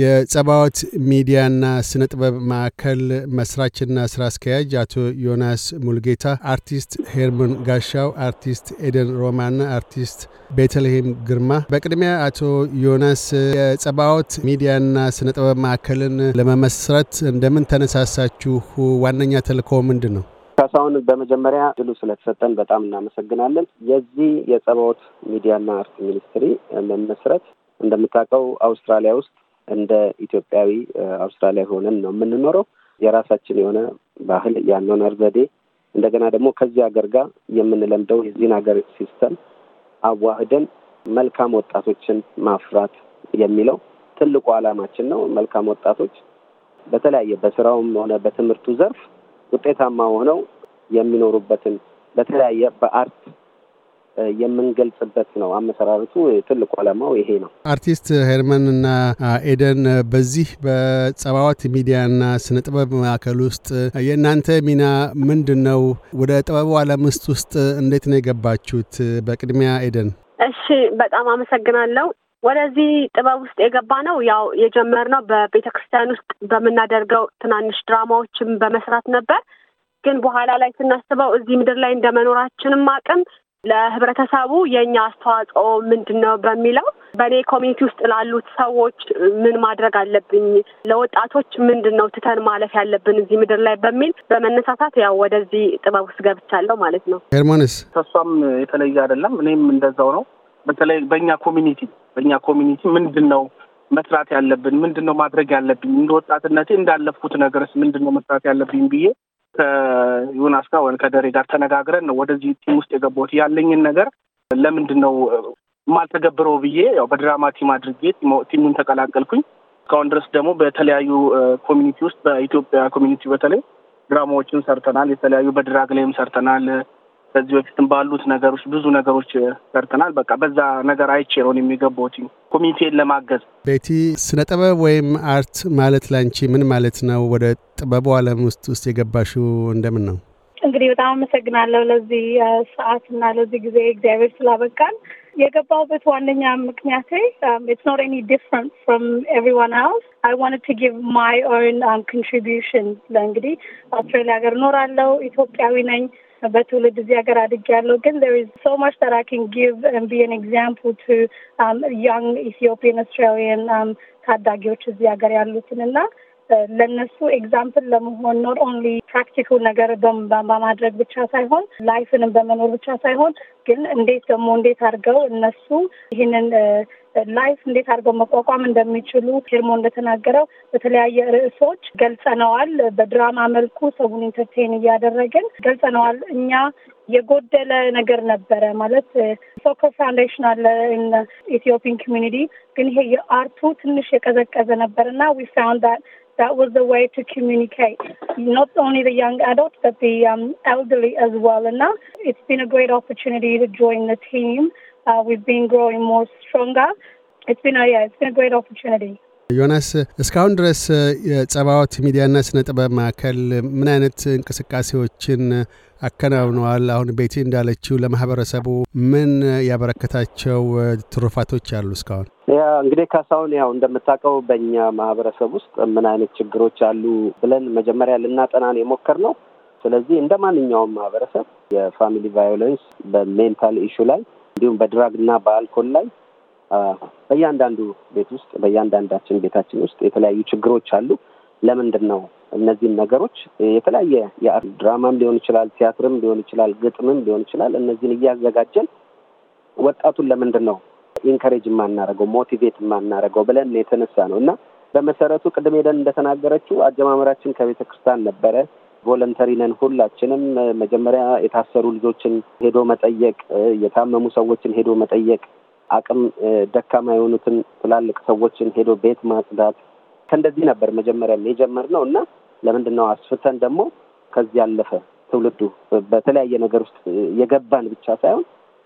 የጸባዎት ሚዲያና ስነ ጥበብ ማዕከል መስራችና ስራ አስኪያጅ አቶ ዮናስ ሙልጌታ፣ አርቲስት ሄርሞን ጋሻው፣ አርቲስት ኤደን ሮማና አርቲስት ቤተልሔም ግርማ። በቅድሚያ አቶ ዮናስ የጸባዎት ሚዲያና ስነ ጥበብ ማዕከልን ለመመስረት እንደምን ተነሳሳችሁ? ዋነኛ ተልእኮ ምንድን ነው? ካሳሁን፣ በመጀመሪያ ድሉ ስለተሰጠን በጣም እናመሰግናለን። የዚህ የጸባዎት ሚዲያና አርት ሚኒስትሪ መመስረት እንደምታውቀው አውስትራሊያ ውስጥ እንደ ኢትዮጵያዊ አውስትራሊያ ሆነን ነው የምንኖረው። የራሳችን የሆነ ባህል፣ የአኗኗር ዘዴ እንደገና ደግሞ ከዚህ ሀገር ጋር የምንለምደው የዚህን ሀገር ሲስተም አዋህደን መልካም ወጣቶችን ማፍራት የሚለው ትልቁ ዓላማችን ነው። መልካም ወጣቶች በተለያየ በስራውም ሆነ በትምህርቱ ዘርፍ ውጤታማ ሆነው የሚኖሩበትን በተለያየ በአርት የምንገልጽበት ነው። አመሰራረቱ ትልቁ ዓላማው ይሄ ነው። አርቲስት ሄርመን እና ኤደን በዚህ በጸባዖት ሚዲያና ስነ ጥበብ ማዕከል ውስጥ የእናንተ ሚና ምንድን ነው? ወደ ጥበቡ ዓለም ውስጥ እንዴት ነው የገባችሁት? በቅድሚያ ኤደን። እሺ፣ በጣም አመሰግናለሁ። ወደዚህ ጥበብ ውስጥ የገባ ነው ያው የጀመርነው በቤተ ክርስቲያን ውስጥ በምናደርገው ትናንሽ ድራማዎችን በመስራት ነበር። ግን በኋላ ላይ ስናስበው እዚህ ምድር ላይ እንደመኖራችንም አቅም ለህብረተሰቡ የእኛ አስተዋጽኦ ምንድን ነው በሚለው በእኔ ኮሚኒቲ ውስጥ ላሉት ሰዎች ምን ማድረግ አለብኝ፣ ለወጣቶች ምንድን ነው ትተን ማለፍ ያለብን እዚህ ምድር ላይ በሚል በመነሳሳት ያው ወደዚህ ጥበብ ውስጥ ገብቻለሁ ማለት ነው። ሄርማንስ ተሷም የተለየ አይደለም። እኔም እንደዛው ነው። በተለይ በእኛ ኮሚኒቲ በእኛ ኮሚኒቲ ምንድን ነው መስራት ያለብን፣ ምንድን ነው ማድረግ ያለብኝ፣ እንደ ወጣትነቴ እንዳለፍኩት ነገርስ ምንድን ነው መስራት ያለብኝ ብዬ ከዩናስ ጋር ወይም ከደሬ ጋር ተነጋግረን ነው ወደዚህ ቲም ውስጥ የገባሁት። ያለኝን ነገር ለምንድን ነው ማልተገብረው ብዬ ያው በድራማ ቲም አድርጌ ቲሙን ተቀላቀልኩኝ። እስካሁን ድረስ ደግሞ በተለያዩ ኮሚኒቲ ውስጥ በኢትዮጵያ ኮሚኒቲ በተለይ ድራማዎችን ሰርተናል። የተለያዩ በድራግ ላይም ሰርተናል። ከዚህ በፊትም ባሉት ነገሮች ብዙ ነገሮች ሰርተናል። በቃ በዛ ነገር አይቼ ነው የሚገባት ኮሚቴን ለማገዝ። ቤቲ፣ ስነ ጥበብ ወይም አርት ማለት ላንቺ ምን ማለት ነው? ወደ ጥበቡ ዓለም ውስጥ ውስጥ የገባሽው እንደምን ነው? እንግዲህ በጣም አመሰግናለሁ ለዚህ ሰዓት እና ለዚህ ጊዜ እግዚአብሔር ስላበቃል። የገባሁበት ዋነኛ ምክንያቴ ኢትስ ኖት ኤኒ ዲፍረንት ፍሮም ኤቭሪዋን ኤልስ አይ ዋንት ቱ ጊቭ ማይ ኦን ኮንትሪቢሽን። ለእንግዲህ አውስትራሊያ ሀገር እኖራለሁ፣ ኢትዮጵያዊ ነኝ በትውልድ እዚህ ሀገር አድግ ያለው ግን there is so much that I can give and be an example to um, young Ethiopian Australian um, ታዳጊዎች እዚህ ሀገር ያሉትን እና ለነሱ ኤግዛምፕል ለመሆን ኖት ኦንሊ ፕራክቲካል ነገር በማድረግ ብቻ ሳይሆን ላይፍንም በመኖር ብቻ ሳይሆን ግን እንዴት ደግሞ እንዴት አድርገው እነሱ ይህንን ላይፍ እንዴት አድርገው መቋቋም እንደሚችሉ ፊርሞ እንደተናገረው በተለያየ ርዕሶች ገልጸነዋል። በድራማ መልኩ ሰውን ኢንተርቴን እያደረግን ገልጸነዋል። እኛ የጎደለ ነገር ነበረ ማለት ሶከር ፋውንዴሽን አለ ኢትዮፒን ኮሚኒቲ፣ ግን ይሄ የአርቱ ትንሽ የቀዘቀዘ ነበር እና ዊ ፋውንድ that was the way to communicate, not only the young adults, but the um, elderly as well. And now it's been a great opportunity to join the team. Uh, we've been growing more stronger. It's been a, yeah, it's been a great opportunity. ዮናስ እስካሁን ድረስ የጸባዎት ሚዲያና ስነ ጥበብ ማዕከል ምን አይነት እንቅስቃሴዎችን አከናውነዋል? አሁን ቤቴ እንዳለችው ለማህበረሰቡ ምን ያበረከታቸው ትሩፋቶች አሉ? እስካሁን እንግዲህ ካሳሁን፣ ያው እንደምታውቀው በእኛ ማህበረሰብ ውስጥ ምን አይነት ችግሮች አሉ ብለን መጀመሪያ ልናጠናን የሞከር ነው። ስለዚህ እንደ ማንኛውም ማህበረሰብ የፋሚሊ ቫዮለንስ በሜንታል ኢሹ ላይ እንዲሁም በድራግ እና በአልኮል ላይ በእያንዳንዱ ቤት ውስጥ በእያንዳንዳችን ቤታችን ውስጥ የተለያዩ ችግሮች አሉ። ለምንድን ነው እነዚህን ነገሮች የተለያየ ድራማም ሊሆን ይችላል፣ ቲያትርም ሊሆን ይችላል፣ ግጥምም ሊሆን ይችላል። እነዚህን እያዘጋጀን ወጣቱን ለምንድን ነው ኢንከሬጅ የማናደርገው ሞቲቬት የማናደርገው ብለን የተነሳ ነው እና በመሰረቱ ቅድም ሄደን እንደተናገረችው አጀማመራችን ከቤተ ክርስቲያን ነበረ። ቮለንተሪ ነን ሁላችንም። መጀመሪያ የታሰሩ ልጆችን ሄዶ መጠየቅ፣ የታመሙ ሰዎችን ሄዶ መጠየቅ አቅም ደካማ የሆኑትን ትላልቅ ሰዎችን ሄዶ ቤት ማጽዳት ከእንደዚህ ነበር መጀመሪያም የጀመርነው እና ለምንድን ነው አስፍተን ደግሞ ከዚህ ያለፈ ትውልዱ በተለያየ ነገር ውስጥ የገባን ብቻ ሳይሆን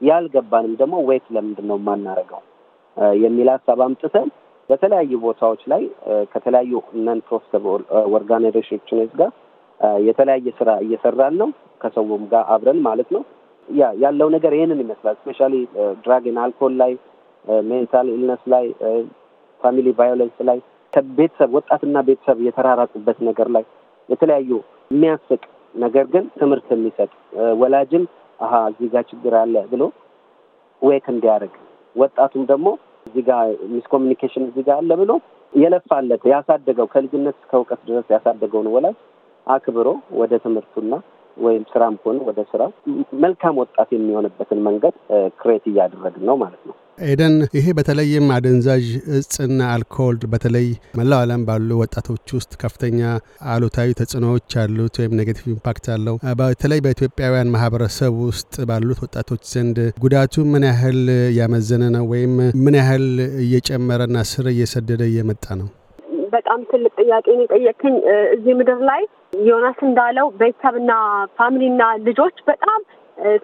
ያልገባንም ደግሞ ወይት ለምንድን ነው የማናረገው የሚል ሀሳብ አምጥተን በተለያዩ ቦታዎች ላይ ከተለያዩ ነን ኦርጋናይዜሽኖች ጋር የተለያየ ስራ እየሰራን ነው። ከሰውም ጋር አብረን ማለት ነው። ያለው ነገር ይህንን ይመስላል። ስፔሻሊ ድራግን አልኮል ላይ፣ ሜንታል uh, ኢልነስ ላይ፣ ፋሚሊ uh, ቫዮለንስ ላይ፣ ቤተሰብ ወጣትና ቤተሰብ የተራራቁበት ነገር ላይ የተለያዩ የሚያስቅ ነገር ግን ትምህርት የሚሰጥ uh, ወላጅም አሀ እዚህ ጋር ችግር አለ ብሎ ዌክ እንዲያደርግ ወጣቱም ደግሞ እዚህ ጋር ሚስኮሚኒኬሽን እዚህ ጋር አለ ብሎ የለፋለት ያሳደገው ከልጅነት እስከ እውቀት ድረስ ያሳደገውን ወላጅ አክብሮ ወደ ትምህርቱና ወይም ስራም ሆነ ወደ ስራ መልካም ወጣት የሚሆንበትን መንገድ ክሬት እያደረግን ነው ማለት ነው። ኤደን፣ ይሄ በተለይም አደንዛዥ እጽና አልኮል በተለይ መላው ዓለም ባሉ ወጣቶች ውስጥ ከፍተኛ አሉታዊ ተጽዕኖዎች አሉት ወይም ኔጌቲቭ ኢምፓክት አለው። በተለይ በኢትዮጵያውያን ማህበረሰብ ውስጥ ባሉት ወጣቶች ዘንድ ጉዳቱ ምን ያህል ያመዘነ ነው ወይም ምን ያህል እየጨመረና ስር እየሰደደ እየመጣ ነው? በጣም ትልቅ ጥያቄ ነው የጠየቅኝ። እዚህ ምድር ላይ ዮናስ እንዳለው ቤተሰብና ፋሚሊና ልጆች በጣም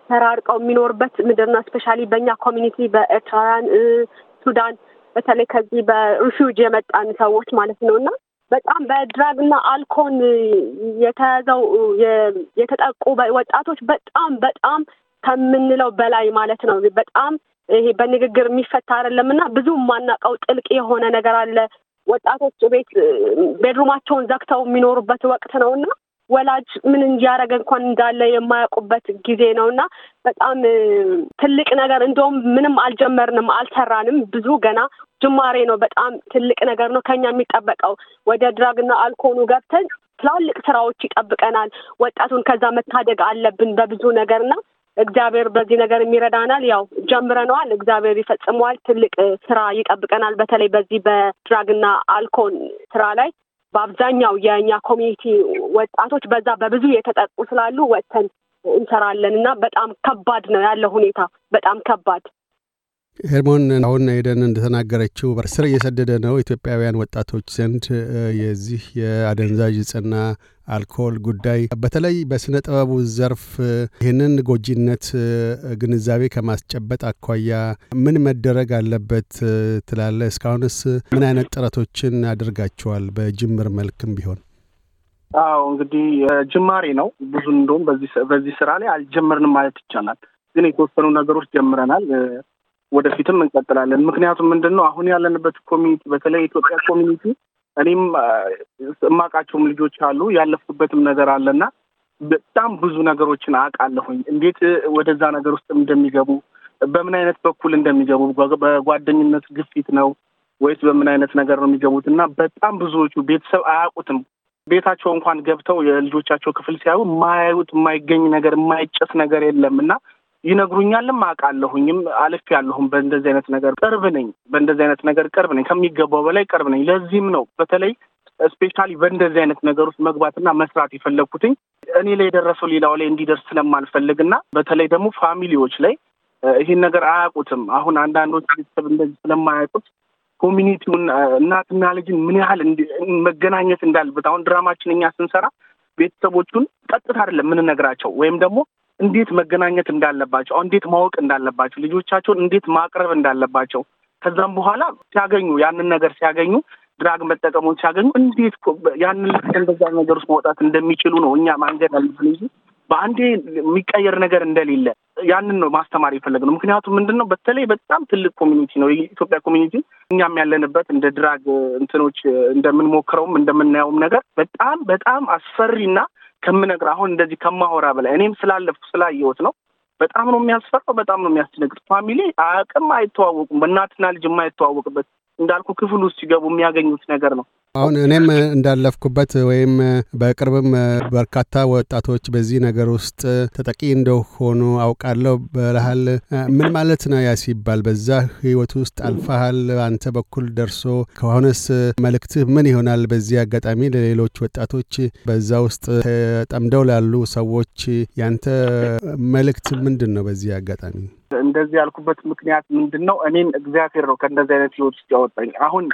ተራርቀው የሚኖርበት ምድርና ስፔሻሊ በእኛ ኮሚኒቲ በኤርትራውያን፣ ሱዳን በተለይ ከዚህ በሪፊውጅ የመጣን ሰዎች ማለት ነው እና በጣም በድራግና አልኮን የተያዘው የተጠቁ ወጣቶች በጣም በጣም ከምንለው በላይ ማለት ነው። በጣም ይሄ በንግግር የሚፈታ አይደለም እና ብዙ የማናውቀው ጥልቅ የሆነ ነገር አለ ወጣቶች ቤት ቤድሩማቸውን ዘግተው የሚኖሩበት ወቅት ነው እና ወላጅ ምን እያደረገ እንኳን እንዳለ የማያውቁበት ጊዜ ነው እና በጣም ትልቅ ነገር እንደውም ምንም አልጀመርንም፣ አልሰራንም። ብዙ ገና ጅማሬ ነው። በጣም ትልቅ ነገር ነው ከኛ የሚጠበቀው። ወደ ድራግና አልኮኑ ገብተን ትላልቅ ስራዎች ይጠብቀናል። ወጣቱን ከዛ መታደግ አለብን በብዙ ና እግዚአብሔር በዚህ ነገር የሚረዳናል። ያው ጀምረነዋል፣ እግዚአብሔር ይፈጽመዋል። ትልቅ ስራ ይጠብቀናል። በተለይ በዚህ በድራግና አልኮል ስራ ላይ በአብዛኛው የእኛ ኮሚኒቲ ወጣቶች በዛ በብዙ የተጠቁ ስላሉ ወጥተን እንሰራለን እና በጣም ከባድ ነው ያለው ሁኔታ፣ በጣም ከባድ ሄርሞን አሁን ሄደን እንደተናገረችው ስር እየሰደደ ነው ኢትዮጵያውያን ወጣቶች ዘንድ የዚህ የአደንዛዥ ጽና አልኮል ጉዳይ በተለይ በስነ ጥበቡ ዘርፍ ይህንን ጎጂነት ግንዛቤ ከማስጨበጥ አኳያ ምን መደረግ አለበት ትላለ? እስካሁንስ ምን አይነት ጥረቶችን አድርጋችኋል? በጅምር መልክም ቢሆን አዎ እንግዲህ ጅማሬ ነው። ብዙ እንደውም በዚህ ስራ ላይ አልጀመርንም ማለት ይቻላል፣ ግን የተወሰኑ ነገሮች ጀምረናል። ወደፊትም እንቀጥላለን። ምክንያቱም ምንድን ነው አሁን ያለንበት ኮሚኒቲ በተለይ የኢትዮጵያ ኮሚኒቲ እኔም እማቃቸውም ልጆች አሉ ያለፍኩበትም ነገር አለና በጣም ብዙ ነገሮችን አውቃለሁኝ። እንዴት ወደዛ ነገር ውስጥ እንደሚገቡ በምን አይነት በኩል እንደሚገቡ በጓደኝነት ግፊት ነው ወይስ በምን አይነት ነገር ነው የሚገቡት? እና በጣም ብዙዎቹ ቤተሰብ አያውቁትም። ቤታቸው እንኳን ገብተው የልጆቻቸው ክፍል ሲያዩ የማያዩት የማይገኝ ነገር የማይጨስ ነገር የለም እና ይነግሩኛልም አውቃለሁኝም አልፍ ያለሁም በእንደዚህ አይነት ነገር ቅርብ ነኝ። በእንደዚህ አይነት ነገር ቅርብ ነኝ፣ ከሚገባው በላይ ቅርብ ነኝ። ለዚህም ነው በተለይ ስፔሻሊ በእንደዚህ አይነት ነገር ውስጥ መግባትና መስራት የፈለግኩትኝ እኔ ላይ የደረሰው ሌላው ላይ እንዲደርስ ስለማልፈልግ በተለይ ደግሞ ፋሚሊዎች ላይ ይህን ነገር አያውቁትም። አሁን አንዳንዶች ቤተሰብ እንደዚህ ስለማያውቁት ኮሚኒቲውን እናትና ልጅን ምን ያህል መገናኘት እንዳለበት አሁን ድራማችን እኛ ስንሰራ ቤተሰቦቹን ቀጥታ አይደለም የምንነግራቸው ወይም ደግሞ እንዴት መገናኘት እንዳለባቸው፣ እንዴት ማወቅ እንዳለባቸው፣ ልጆቻቸውን እንዴት ማቅረብ እንዳለባቸው ከዛም በኋላ ሲያገኙ ያንን ነገር ሲያገኙ ድራግ መጠቀሙን ሲያገኙ እንዴት ያንን እንደዛ ነገር ውስጥ መውጣት እንደሚችሉ ነው እኛ ማንገድ ያለብን እንጂ በአንዴ የሚቀየር ነገር እንደሌለ ያንን ነው ማስተማር ነው። ምክንያቱም ምንድን ነው በተለይ በጣም ትልቅ ኮሚኒቲ ነው የኢትዮጵያ ኮሚኒቲ። እኛም ያለንበት እንደ ድራግ እንትኖች እንደምንሞክረውም እንደምናየውም ነገር በጣም በጣም አስፈሪና ከምነግር አሁን እንደዚህ ከማወራ በላይ እኔም ስላለፍኩ ስላየሁት ነው። በጣም ነው የሚያስፈራው። በጣም ነው የሚያስደነግጥ። ፋሚሊ አቅም አይተዋወቁም። በእናትና ልጅ የማይተዋወቅበት እንዳልኩ ክፍል ውስጥ ሲገቡ የሚያገኙት ነገር ነው። አሁን እኔም እንዳለፍኩበት ወይም በቅርብም በርካታ ወጣቶች በዚህ ነገር ውስጥ ተጠቂ እንደሆኑ አውቃለሁ። በረሃል ምን ማለት ነው ያ ሲባል በዛ ህይወት ውስጥ አልፈሃል፣ አንተ በኩል ደርሶ ከሆነስ መልእክትህ ምን ይሆናል? በዚህ አጋጣሚ ለሌሎች ወጣቶች በዛ ውስጥ ተጠምደው ላሉ ሰዎች ያንተ መልእክት ምንድን ነው? በዚህ አጋጣሚ እንደዚህ ያልኩበት ምክንያት ምንድን ነው? እኔን እግዚአብሔር ነው ከእንደዚህ አይነት ህይወት ውስጥ ያወጣኝ አሁን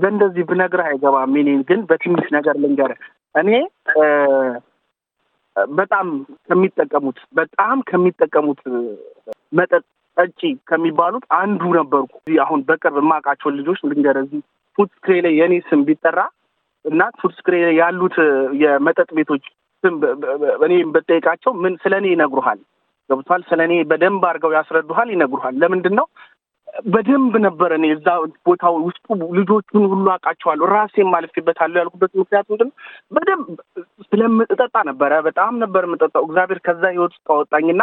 በእንደዚህ ብነግርህ አይገባም። ሚኒን ግን በትንሽ ነገር ልንገርህ። እኔ በጣም ከሚጠቀሙት በጣም ከሚጠቀሙት መጠጥ ጠጪ ከሚባሉት አንዱ ነበርኩ። አሁን በቅርብ የማውቃቸውን ልጆች ልንገርህ፣ እዚህ ስክሬ ላይ የእኔ ስም ቢጠራ እና ፉድ ስክሬ ላይ ያሉት የመጠጥ ቤቶች ስም እኔ በጠይቃቸው ምን ስለ እኔ ይነግሩሃል። ገብቷል። ስለ እኔ በደንብ አድርገው ያስረዱሃል፣ ይነግሩሃል። ለምንድን ነው በደንብ ነበረ። እኔ እዛ ቦታ ውስጡ ልጆቹን ሁሉ አውቃቸዋለሁ፣ ራሴም አልፌበታለሁ። ያልኩበት ምክንያት ምንድን ነው? በደንብ ስለምጠጣ ነበረ። በጣም ነበር የምጠጣው። እግዚአብሔር ከዛ ህይወት ውስጥ አወጣኝና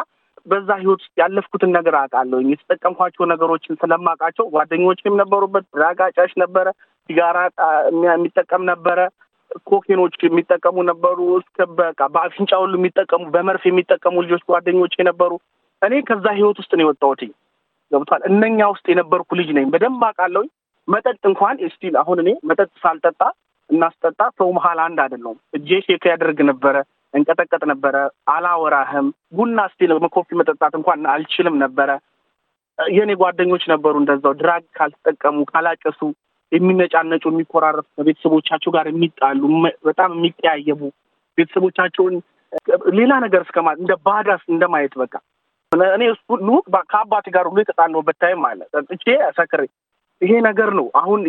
በዛ ህይወት ውስጥ ያለፍኩትን ነገር አውቃለሁ። የተጠቀምኳቸው ነገሮችን ስለማውቃቸው ጓደኞችም ነበሩበት። ራጋጫሽ ነበረ፣ ሲጋራ የሚጠቀም ነበረ፣ ኮኬኖች የሚጠቀሙ ነበሩ። እስከ በቃ በአፍንጫ ሁሉ የሚጠቀሙ በመርፌ የሚጠቀሙ ልጆች ጓደኞች ነበሩ። እኔ ከዛ ህይወት ውስጥ ነው የወጣሁትኝ። ገብቷል። እነኛ ውስጥ የነበርኩ ልጅ ነኝ። በደንብ አውቃለሁኝ። መጠጥ እንኳን ስቲል አሁን እኔ መጠጥ ሳልጠጣ እናስጠጣ ሰው መሀል አንድ አይደለሁም። እጄ ሼክ ያደርግ ነበረ፣ እንቀጠቀጥ ነበረ፣ አላወራህም። ቡና ስቲል ኮፊ መጠጣት እንኳን አልችልም ነበረ። የእኔ ጓደኞች ነበሩ እንደዛው ድራግ ካልተጠቀሙ ካላጨሱ የሚነጫነጩ የሚኮራረፉ፣ ከቤተሰቦቻቸው ጋር የሚጣሉ በጣም የሚቀያየቡ ቤተሰቦቻቸውን ሌላ ነገር እስከማ እንደ ባዳስ እንደማየት በቃ እኔ እሱ ከአባቴ ጋር ሁሉ የተጣላሁበት ታይም አለ። ጠጥቼ ሰክሬ ይሄ ነገር ነው። አሁን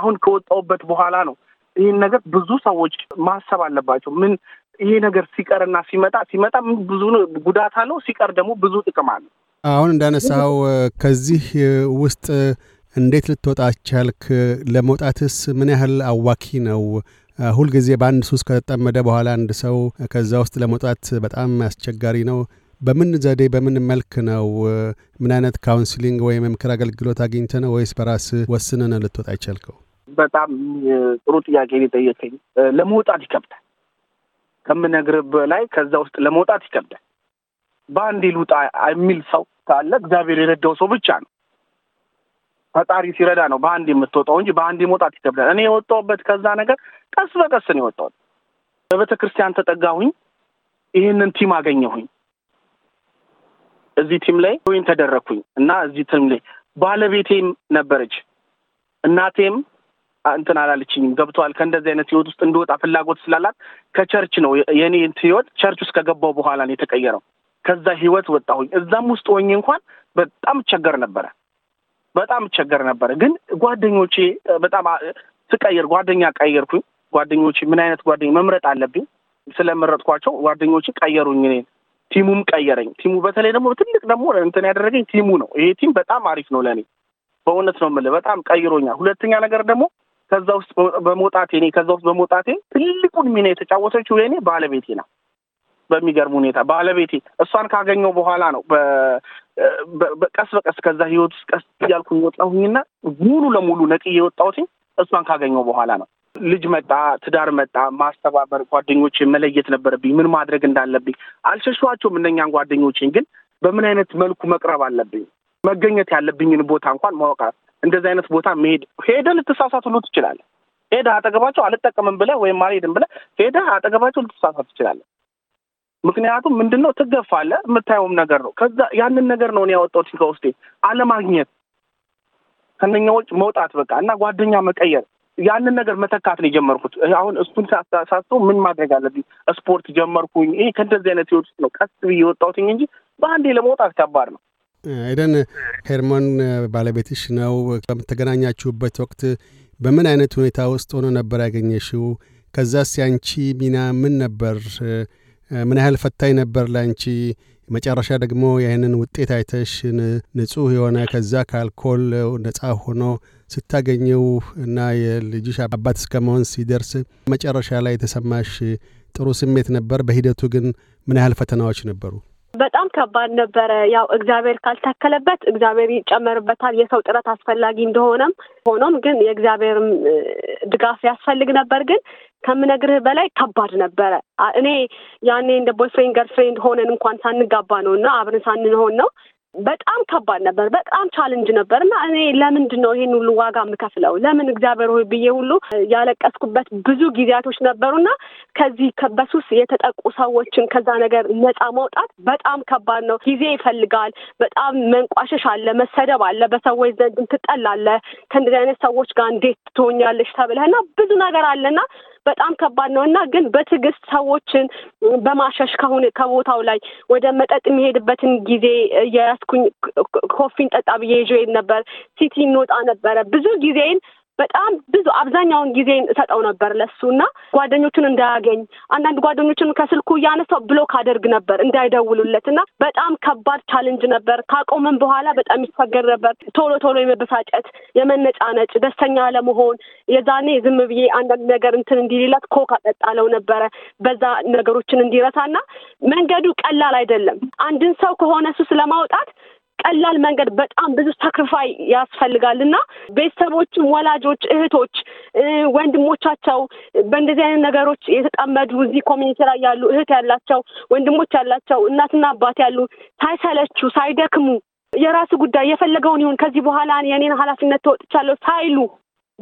አሁን ከወጣውበት በኋላ ነው ይህን ነገር ብዙ ሰዎች ማሰብ አለባቸው። ምን ይሄ ነገር ሲቀርና ሲመጣ ሲመጣ ብዙ ጉዳት አለው፣ ሲቀር ደግሞ ብዙ ጥቅም አለ። አሁን እንዳነሳው ከዚህ ውስጥ እንዴት ልትወጣ ቻልክ? ለመውጣትስ ምን ያህል አዋኪ ነው? ሁልጊዜ በአንድ ሱስ ከተጠመደ በኋላ አንድ ሰው ከዛ ውስጥ ለመውጣት በጣም አስቸጋሪ ነው። በምን ዘዴ በምን መልክ ነው? ምን አይነት ካውንስሊንግ ወይም የምክር አገልግሎት አግኝተ ነው ወይስ በራስ ወስነ ነው ልትወጣ በጣም ጥሩ ጥያቄ የጠየቀኝ። ለመውጣት ይከብዳል ከምነግር በላይ ከዛ ውስጥ ለመውጣት ይከብዳል። በአንዴ ልውጣ የሚል ሰው ካለ እግዚአብሔር የረዳው ሰው ብቻ ነው። ፈጣሪ ሲረዳ ነው በአንድ የምትወጣው እንጂ በአንድ መውጣት ይከብዳል። እኔ የወጣውበት ከዛ ነገር ቀስ በቀስ ነው የወጣሁት። በቤተ ክርስቲያን ተጠጋሁኝ። ይህንን ቲም አገኘሁኝ። እዚህ ቲም ላይ ወይን ተደረግኩኝ እና እዚህ ቲም ላይ ባለቤቴም ነበረች እናቴም እንትን አላለችኝም። ገብተዋል ከእንደዚህ አይነት ህይወት ውስጥ እንደወጣ ፍላጎት ስላላት ከቸርች ነው የእኔ እንትን ህይወት ቸርች ውስጥ ከገባው በኋላ ነው የተቀየረው። ከዛ ህይወት ወጣሁኝ። እዛም ውስጥ ሆኜ እንኳን በጣም እቸገር ነበረ፣ በጣም እቸገር ነበረ። ግን ጓደኞቼ በጣም ስቀየር ጓደኛ ቀየርኩኝ። ጓደኞቼ ምን አይነት ጓደኛ መምረጥ አለብኝ ስለመረጥኳቸው ጓደኞቼ ቀየሩኝ እኔን ቲሙም ቀየረኝ። ቲሙ በተለይ ደግሞ ትልቅ ደግሞ እንትን ያደረገኝ ቲሙ ነው። ይሄ ቲም በጣም አሪፍ ነው ለእኔ በእውነት ነው የምልህ፣ በጣም ቀይሮኛል። ሁለተኛ ነገር ደግሞ ከዛ ውስጥ በመውጣቴ እኔ ከዛ ውስጥ በመውጣቴ ትልቁን ሚና የተጫወተችው የእኔ ባለቤቴ ናት። በሚገርም ሁኔታ ባለቤቴ እሷን ካገኘው በኋላ ነው ቀስ በቀስ ከዛ ህይወት ውስጥ ቀስ እያልኩ የወጣሁኝና ሙሉ ለሙሉ ነቅዬ የወጣሁትኝ እሷን ካገኘው በኋላ ነው። ልጅ መጣ፣ ትዳር መጣ፣ ማስተባበር፣ ጓደኞች መለየት ነበረብኝ፣ ምን ማድረግ እንዳለብኝ። አልሸሸኋቸውም እነኛን ጓደኞችን፣ ግን በምን አይነት መልኩ መቅረብ አለብኝ፣ መገኘት ያለብኝን ቦታ እንኳን ማወቃ እንደዚህ አይነት ቦታ መሄድ ሄደ ልትሳሳት ሁሉ ትችላለ። ሄደ አጠገባቸው አልጠቀምም ብለ ወይም አልሄድም ብለ ሄደ አጠገባቸው ልትሳሳት ትችላለ። ምክንያቱም ምንድን ነው ትገፋለ፣ የምታየውም ነገር ነው። ከዛ ያንን ነገር ነው እኔ ያወጣሁት ከውስጤ አለማግኘት ከነኛዎች መውጣት በቃ እና ጓደኛ መቀየር ያንን ነገር መተካት ነው የጀመርኩት። አሁን እሱን ሳስተው ምን ማድረግ አለብኝ? ስፖርት ጀመርኩኝ። ይሄ ከእንደዚህ አይነት ህይወት ውስጥ ነው ቀስ ብዬ የወጣሁትኝ እንጂ በአንዴ ለመውጣት ከባድ ነው። ኤደን ሄርሞን ባለቤትሽ ነው። በምትገናኛችሁበት ወቅት በምን አይነት ሁኔታ ውስጥ ሆኖ ነበር ያገኘሽው? ከዛስ ያንቺ ሚና ምን ነበር? ምን ያህል ፈታኝ ነበር ለአንቺ? መጨረሻ ደግሞ ይህንን ውጤት አይተሽ ንጹህ የሆነ ከዛ ከአልኮል ነጻ ሆኖ ስታገኘው እና የልጅሽ አባት እስከ መሆን ሲደርስ መጨረሻ ላይ የተሰማሽ ጥሩ ስሜት ነበር። በሂደቱ ግን ምን ያህል ፈተናዎች ነበሩ? በጣም ከባድ ነበረ። ያው እግዚአብሔር ካልታከለበት እግዚአብሔር ይጨመርበታል። የሰው ጥረት አስፈላጊ እንደሆነም ሆኖም ግን የእግዚአብሔርም ድጋፍ ያስፈልግ ነበር። ግን ከምነግርህ በላይ ከባድ ነበረ። እኔ ያኔ እንደ ቦይፍሬንድ ገርፍሬንድ ሆነን እንኳን ሳንጋባ ነው እና አብረን ሳንሆን ነው በጣም ከባድ ነበር። በጣም ቻለንጅ ነበር እና እኔ ለምንድን ነው ይህን ሁሉ ዋጋ የምከፍለው ለምን እግዚአብሔር ሆይ ብዬ ሁሉ ያለቀስኩበት ብዙ ጊዜያቶች ነበሩና ከዚህ በሱስ የተጠቁ ሰዎችን ከዛ ነገር ነፃ ማውጣት በጣም ከባድ ነው። ጊዜ ይፈልጋል። በጣም መንቋሸሽ አለ፣ መሰደብ አለ፣ በሰዎች ዘንድ ትጠላለ። ከእንደዚህ አይነት ሰዎች ጋር እንዴት ትሆኛለሽ ተብለህና ብዙ ነገር አለና በጣም ከባድ ነው እና ግን በትዕግስት ሰዎችን በማሸሽ ከሁን ከቦታው ላይ ወደ መጠጥ የሚሄድበትን ጊዜ የያዝኩኝ ኮፊን ጠጣ ብዬ ይዤ ነበር። ሲቲ እንወጣ ነበረ ብዙ ጊዜን በጣም ብዙ አብዛኛውን ጊዜ እሰጠው ነበር ለሱ እና ጓደኞቹን እንዳያገኝ አንዳንድ ጓደኞችን ከስልኩ እያነሳው ብሎክ አደርግ ነበር እንዳይደውሉለት እና በጣም ከባድ ቻሌንጅ ነበር። ካቆመን በኋላ በጣም ይስፈገር ነበር። ቶሎ ቶሎ የመበሳጨት፣ የመነጫነጭ፣ ደስተኛ ለመሆን የዛኔ ዝም ብዬ አንዳንድ ነገር እንትን እንዲልላት ኮክ አጠጣለው ነበረ በዛ ነገሮችን እንዲረሳና መንገዱ ቀላል አይደለም። አንድን ሰው ከሆነ ሱስ ለማውጣት ቀላል መንገድ በጣም ብዙ ሳክሪፋይ ያስፈልጋል እና ቤተሰቦችም፣ ወላጆች፣ እህቶች፣ ወንድሞቻቸው በእንደዚህ አይነት ነገሮች የተጠመዱ እዚህ ኮሚኒቲ ላይ ያሉ እህት ያላቸው ወንድሞች ያላቸው እናትና አባት ያሉ ሳይሰለቹ ሳይደክሙ የራሱ ጉዳይ የፈለገውን ይሁን ከዚህ በኋላ የእኔን ኃላፊነት ተወጥቻለሁ ሳይሉ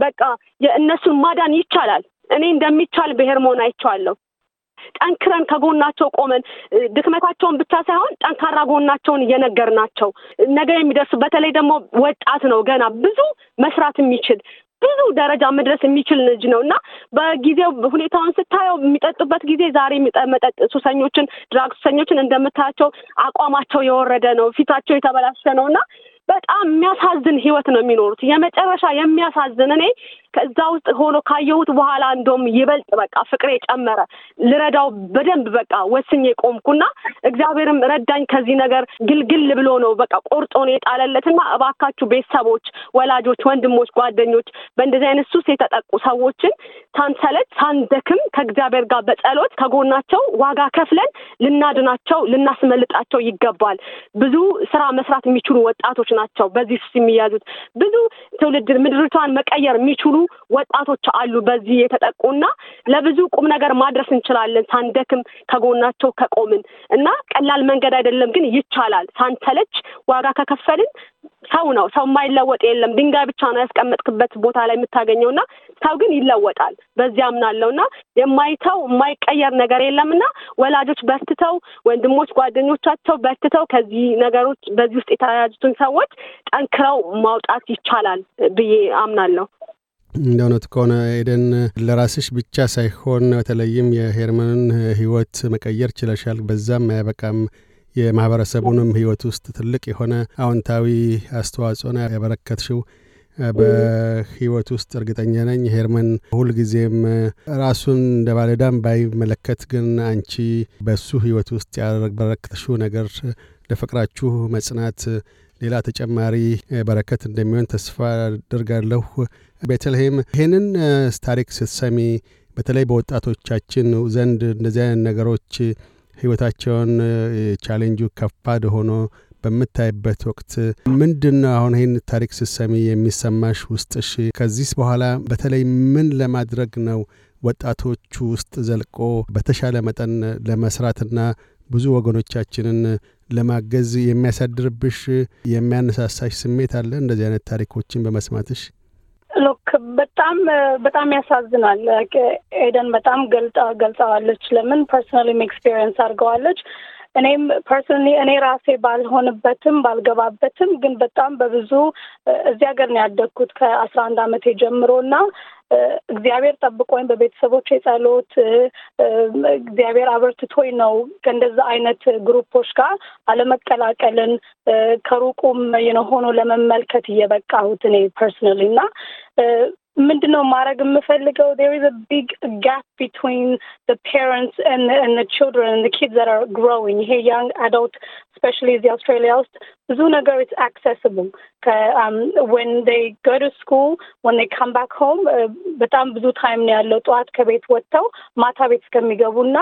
በቃ የእነሱን ማዳን ይቻላል። እኔ እንደሚቻል ብሄር መሆን አይቼዋለሁ። ጠንክረን ከጎናቸው ቆመን ድክመታቸውን ብቻ ሳይሆን ጠንካራ ጎናቸውን እየነገርናቸው ነገ የሚደርስ በተለይ ደግሞ ወጣት ነው ገና ብዙ መስራት የሚችል ብዙ ደረጃ መድረስ የሚችል ልጅ ነው እና በጊዜው ሁኔታውን ስታየው የሚጠጡበት ጊዜ ዛሬ መጠጥ ሱሰኞችን፣ ድራግ ሱሰኞችን እንደምታያቸው አቋማቸው የወረደ ነው፣ ፊታቸው የተበላሸ ነው እና በጣም የሚያሳዝን ህይወት ነው የሚኖሩት። የመጨረሻ የሚያሳዝን እኔ ከዛ ውስጥ ሆኖ ካየሁት በኋላ እንደውም ይበልጥ በቃ ፍቅሬ ጨመረ። ልረዳው በደንብ በቃ ወስኜ ቆምኩና እግዚአብሔርም ረዳኝ። ከዚህ ነገር ግልግል ብሎ ነው በቃ ቆርጦ ነው የጣለለትና እባካችሁ ቤተሰቦች፣ ወላጆች፣ ወንድሞች፣ ጓደኞች በእንደዚህ አይነት ሱስ የተጠቁ ሰዎችን ሳንሰለች ሳንደክም ከእግዚአብሔር ጋር በጸሎት ከጎናቸው ዋጋ ከፍለን ልናድናቸው ልናስመልጣቸው ይገባል። ብዙ ስራ መስራት የሚችሉ ወጣቶች ናቸው በዚህ ሱስ የሚያዙት። ብዙ ትውልድ ምድርቷን መቀየር የሚችሉ ወጣቶች አሉ በዚህ የተጠቁና ለብዙ ቁም ነገር ማድረስ እንችላለን ሳንደክም ከጎናቸው ከቆምን እና ቀላል መንገድ አይደለም፣ ግን ይቻላል። ሳንተለች ዋጋ ከከፈልን ሰው ነው ሰው የማይለወጥ የለም። ድንጋይ ብቻ ነው ያስቀመጥክበት ቦታ ላይ የምታገኘው እና ሰው ግን ይለወጣል። በዚህ አምናለሁ እና የማይተው የማይቀየር ነገር የለም እና ወላጆች በርትተው፣ ወንድሞች ጓደኞቻቸው በርትተው ከዚህ ነገሮች በዚህ ውስጥ የተያያዙትን ሰዎች ጠንክረው ማውጣት ይቻላል ብዬ አምናለሁ። እንደ እውነት ከሆነ ኤደን ለራስሽ ብቻ ሳይሆን በተለይም የሄርመንን ህይወት መቀየር ችለሻል። በዛም አያበቃም የማህበረሰቡንም ህይወት ውስጥ ትልቅ የሆነ አዎንታዊ አስተዋጽኦን ያበረከትሽው በህይወት ውስጥ እርግጠኛ ነኝ። ሄርመን ሁልጊዜም ራሱን እንደ ባለዳም ባይመለከት፣ ግን አንቺ በሱ ህይወት ውስጥ ያበረከትሽው ነገር ለፍቅራችሁ መጽናት ሌላ ተጨማሪ በረከት እንደሚሆን ተስፋ አድርጋለሁ። ቤተልሔም ይህንን ታሪክ ስትሰሚ በተለይ በወጣቶቻችን ዘንድ እንደዚህ አይነት ነገሮች ህይወታቸውን ቻሌንጁ ከፋድ ሆኖ በምታይበት ወቅት ምንድን ነው አሁን ይህን ታሪክ ስሰሚ የሚሰማሽ ውስጥሽ? ከዚህስ በኋላ በተለይ ምን ለማድረግ ነው ወጣቶቹ ውስጥ ዘልቆ በተሻለ መጠን ለመስራትና ብዙ ወገኖቻችንን ለማገዝ የሚያሳድርብሽ የሚያነሳሳሽ ስሜት አለ እንደዚህ አይነት ታሪኮችን በመስማትሽ? ሉክ በጣም በጣም ያሳዝናል። ኤደን በጣም ገልጣ ገልጸዋለች። ለምን ፐርሶናሊም ኤክስፔሪየንስ አድርገዋለች። እኔም ፐርሶናሊ እኔ ራሴ ባልሆንበትም ባልገባበትም ግን በጣም በብዙ እዚህ ሀገር ነው ያደግኩት ከአስራ አንድ አመቴ ጀምሮ እና እግዚአብሔር ጠብቆኝ በቤተሰቦች የጸሎት እግዚአብሔር አበርትቶኝ ነው ከእንደዛ አይነት ግሩፖች ጋር አለመቀላቀልን ከሩቁም የሆኑ ለመመልከት እየበቃሁት እኔ ፐርስናሊ እና ምንድነው ማድረግ የምፈልገው there is a big gap between the parents and and the children and the kids that are growing ይሄ young adults, especially the አውስትራሊያ ውስጥ ብዙ ነገር it's accessible um, when they go to school when they come back home uh, በጣም ብዙ ታይም ነው ያለው ጠዋት ከቤት ወጥተው ማታ ቤት እስከሚገቡ እና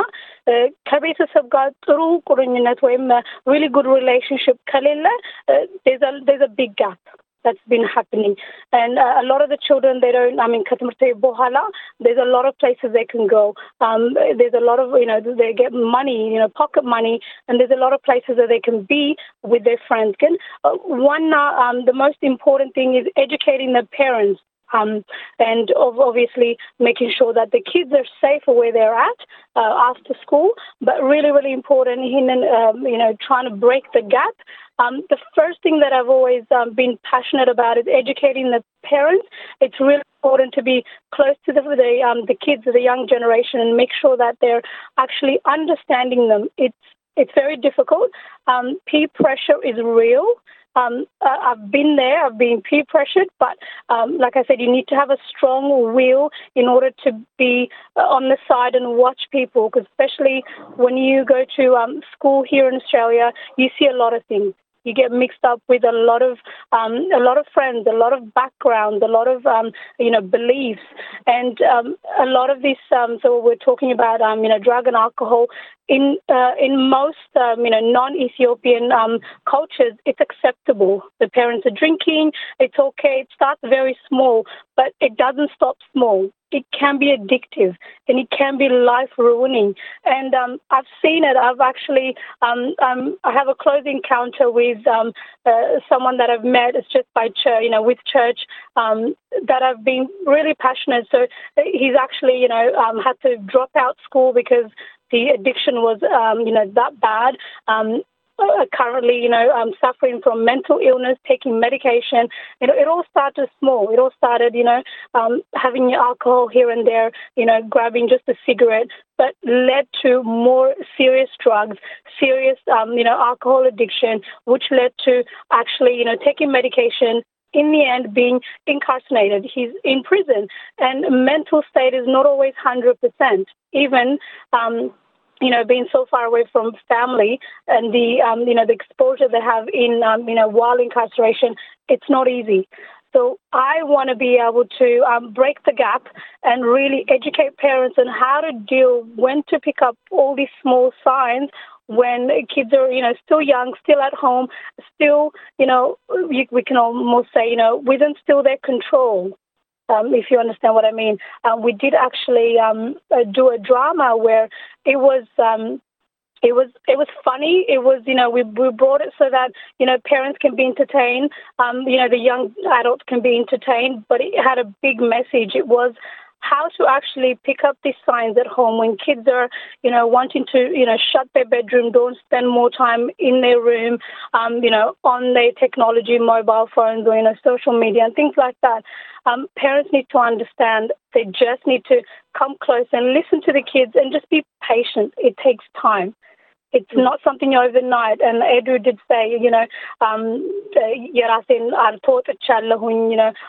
uh, ከቤተሰብ ጋር ጥሩ ቁርኝነት ወይም uh, really good relationship ከሌለ there's a, there's a big gap that's been happening. And uh, a lot of the children, they don't, I mean, Katmurte Bohala, there's a lot of places they can go. Um, there's a lot of, you know, they get money, you know, pocket money, and there's a lot of places that they can be with their friends. Can, uh, one, uh, um, the most important thing is educating the parents. Um, and obviously making sure that the kids are safe where they're at uh, after school. But really, really important in um, you know trying to break the gap um, the first thing that I've always um, been passionate about is educating the parents. It's really important to be close to the the, um, the kids, the young generation, and make sure that they're actually understanding them. It's it's very difficult. Um, peer pressure is real. Um, I've been there, I've been peer pressured, but um, like I said, you need to have a strong will in order to be uh, on the side and watch people, because especially when you go to um, school here in Australia, you see a lot of things you get mixed up with a lot of um, a lot of friends, a lot of background, a lot of um, you know beliefs, and um, a lot of this. Um, so we're talking about um, you know drug and alcohol in uh, in most um, you know non-Ethiopian um, cultures, it's acceptable. The parents are drinking. It's okay. It starts very small, but it doesn't stop small. It can be addictive and it can be life ruining. And um, I've seen it. I've actually um, um, I have a close encounter with um, uh, someone that I've met. It's just by church, you know, with church that I've been really passionate. So uh, he's actually you know had to drop out school because the addiction was, um, you know, that bad. Um, uh, currently, you know, um, suffering from mental illness, taking medication. You know, it all started small. It all started, you know, um, having alcohol here and there, you know, grabbing just a cigarette, but led to more serious drugs, serious, um, you know, alcohol addiction, which led to actually, you know, taking medication, in the end being incarcerated. He's in prison, and mental state is not always 100%. Even um, you know, being so far away from family and the um, you know the exposure they have in um, you know while incarceration, it's not easy. So I want to be able to um, break the gap and really educate parents on how to deal, when to pick up all these small signs when kids are, you know, still young, still at home, still, you know, we can almost say, you know, within still their control. Um, if you understand what I mean, Um, we did actually um, uh, do a drama where it was um, it was it was funny. It was you know we we brought it so that you know parents can be entertained, um, you know the young adults can be entertained, but it had a big message. It was how to actually pick up these signs at home when kids are, you know, wanting to, you know, shut their bedroom, don't spend more time in their room, um, you know, on their technology, mobile phones, or you know, social media and things like that. Um, parents need to understand they just need to come close and listen to the kids and just be patient. It takes time it's not something overnight. And Edward did say, you know, um, you know,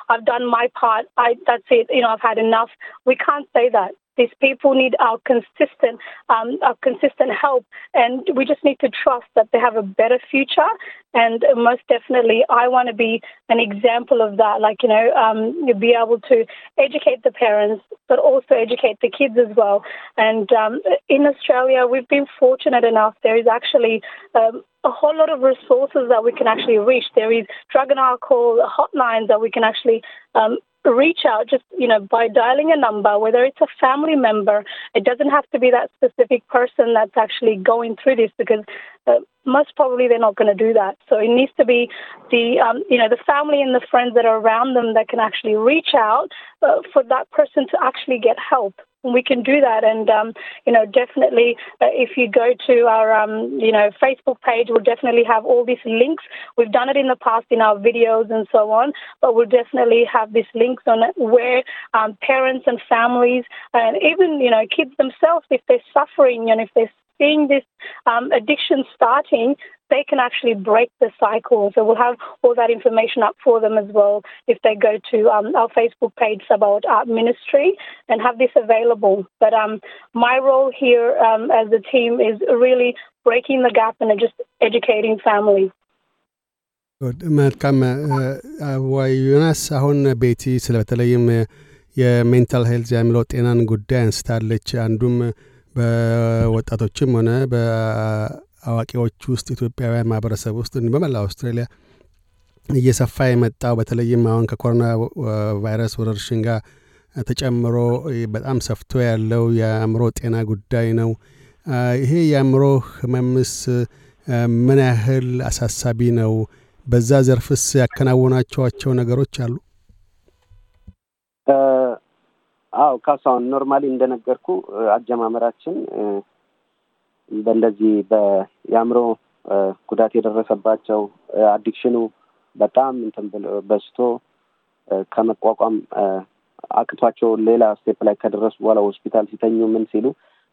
I've done my part. I, that's it. You know, I've had enough. We can't say that. These people need our consistent, um, our consistent help, and we just need to trust that they have a better future. And most definitely, I want to be an example of that. Like you know, um, you be able to educate the parents, but also educate the kids as well. And um, in Australia, we've been fortunate enough. There is actually um, a whole lot of resources that we can actually reach. There is drug and alcohol hotlines that we can actually um, reach out just you know by dialing a number whether it's a family member it doesn't have to be that specific person that's actually going through this because uh, most probably they're not going to do that so it needs to be the um, you know the family and the friends that are around them that can actually reach out uh, for that person to actually get help we can do that. And um, you know, definitely, uh, if you go to our um, you know Facebook page, we'll definitely have all these links. We've done it in the past in our videos and so on, but we'll definitely have these links on where um, parents and families and even you know kids themselves, if they're suffering and if they're seeing this um, addiction starting, they can actually break the cycle. So we'll have all that information up for them as well if they go to um, our Facebook page, about Art Ministry, and have this available. But um, my role here um, as the team is really breaking the gap and just educating families. ጉድ መልካም uh, uh, ዮናስ አሁን ቤቲ ስለ በተለይም uh, የሜንታል ሄልዝ የአእምሮ ጤናን ጉዳይ አንስታለች አንዱም በወጣቶችም ሆነ በአዋቂዎች ውስጥ ኢትዮጵያውያን ማህበረሰብ ውስጥ በመላ አውስትራሊያ እየሰፋ የመጣው በተለይም አሁን ከኮሮና ቫይረስ ወረርሽኝ ጋር ተጨምሮ በጣም ሰፍቶ ያለው የአእምሮ ጤና ጉዳይ ነው። ይሄ የአእምሮ ህመምስ ምን ያህል አሳሳቢ ነው? በዛ ዘርፍስ ያከናወናቸዋቸው ነገሮች አሉ? አዎ ካሳሁን፣ ኖርማሊ እንደነገርኩ አጀማመራችን በእንደዚህ የአእምሮ ጉዳት የደረሰባቸው አዲክሽኑ በጣም እንትን በስቶ ከመቋቋም አቅቷቸው ሌላ ስቴፕ ላይ ከደረሱ በኋላ ሆስፒታል ሲተኙ ምን ሲሉ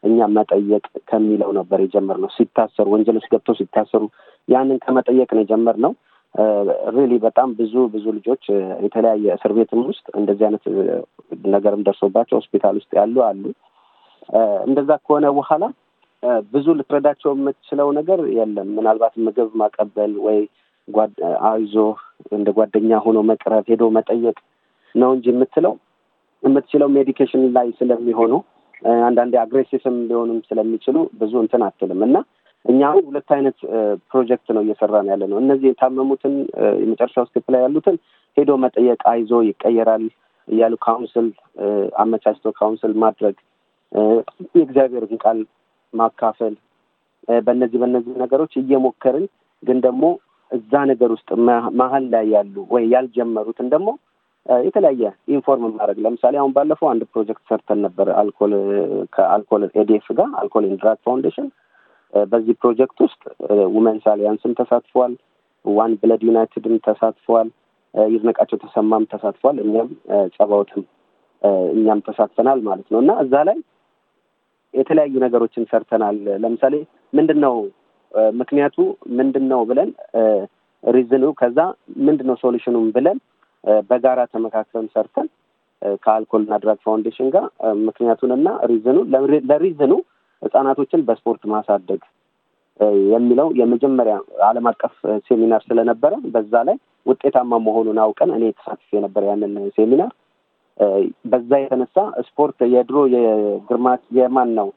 እኛ መጠየቅ ከሚለው ነበር የጀመርነው። ሲታሰሩ ወንጀሎች ገብተው ሲታሰሩ ያንን ከመጠየቅ ነው የጀመርነው። ሪሊ በጣም ብዙ ብዙ ልጆች የተለያየ እስር ቤትም ውስጥ እንደዚህ አይነት ነገርም ደርሶባቸው ሆስፒታል ውስጥ ያሉ አሉ። እንደዛ ከሆነ በኋላ ብዙ ልትረዳቸው የምትችለው ነገር የለም። ምናልባት ምግብ ማቀበል ወይ አይዞ እንደ ጓደኛ ሆኖ መቅረብ ሄዶ መጠየቅ ነው እንጂ የምትለው የምትችለው ሜዲኬሽን ላይ ስለሚሆኑ አንዳንዴ አግሬሲቭም ሊሆኑም ስለሚችሉ ብዙ እንትን አትልም እና እኛ አሁን ሁለት አይነት ፕሮጀክት ነው እየሰራን ያለ ነው። እነዚህ የታመሙትን የመጨረሻ ክፍል ላይ ያሉትን ሄዶ መጠየቅ አይዞ ይቀየራል እያሉ ካውንስል አመቻችቶ ካውንስል ማድረግ የእግዚአብሔርን ቃል ማካፈል በእነዚህ በእነዚህ ነገሮች እየሞከርን ግን ደግሞ እዛ ነገር ውስጥ መሀል ላይ ያሉ ወይ ያልጀመሩትን ደግሞ የተለያየ ኢንፎርም ማድረግ ለምሳሌ አሁን ባለፈው አንድ ፕሮጀክት ሰርተን ነበር። አልኮል ከአልኮል ኤዲኤፍ ጋር አልኮል ኢንድራግ ፋውንዴሽን በዚህ ፕሮጀክት ውስጥ ውመንስ አሊያንስም ተሳትፏል። ዋን ብለድ ዩናይትድም ተሳትፏል። ይዝነቃቸው ተሰማም ተሳትፏል። እኛም ጸባውትም እኛም ተሳትፈናል ማለት ነው እና እዛ ላይ የተለያዩ ነገሮችን ሰርተናል። ለምሳሌ ምንድን ነው ምክንያቱ ምንድን ነው ብለን ሪዝኑ ከዛ ምንድን ነው ሶሉሽኑም ብለን በጋራ ተመካክረን ሰርተን ከአልኮልና ድራግ ፋውንዴሽን ጋር ምክንያቱን እና ሪዝኑ ለሪዝኑ ህጻናቶችን በስፖርት ማሳደግ የሚለው የመጀመሪያ ዓለም አቀፍ ሴሚናር ስለነበረ በዛ ላይ ውጤታማ መሆኑን አውቀን እኔ ተሳትፌ ነበር ያንን ሴሚናር። በዛ የተነሳ ስፖርት የድሮ የግርማ የማን ነው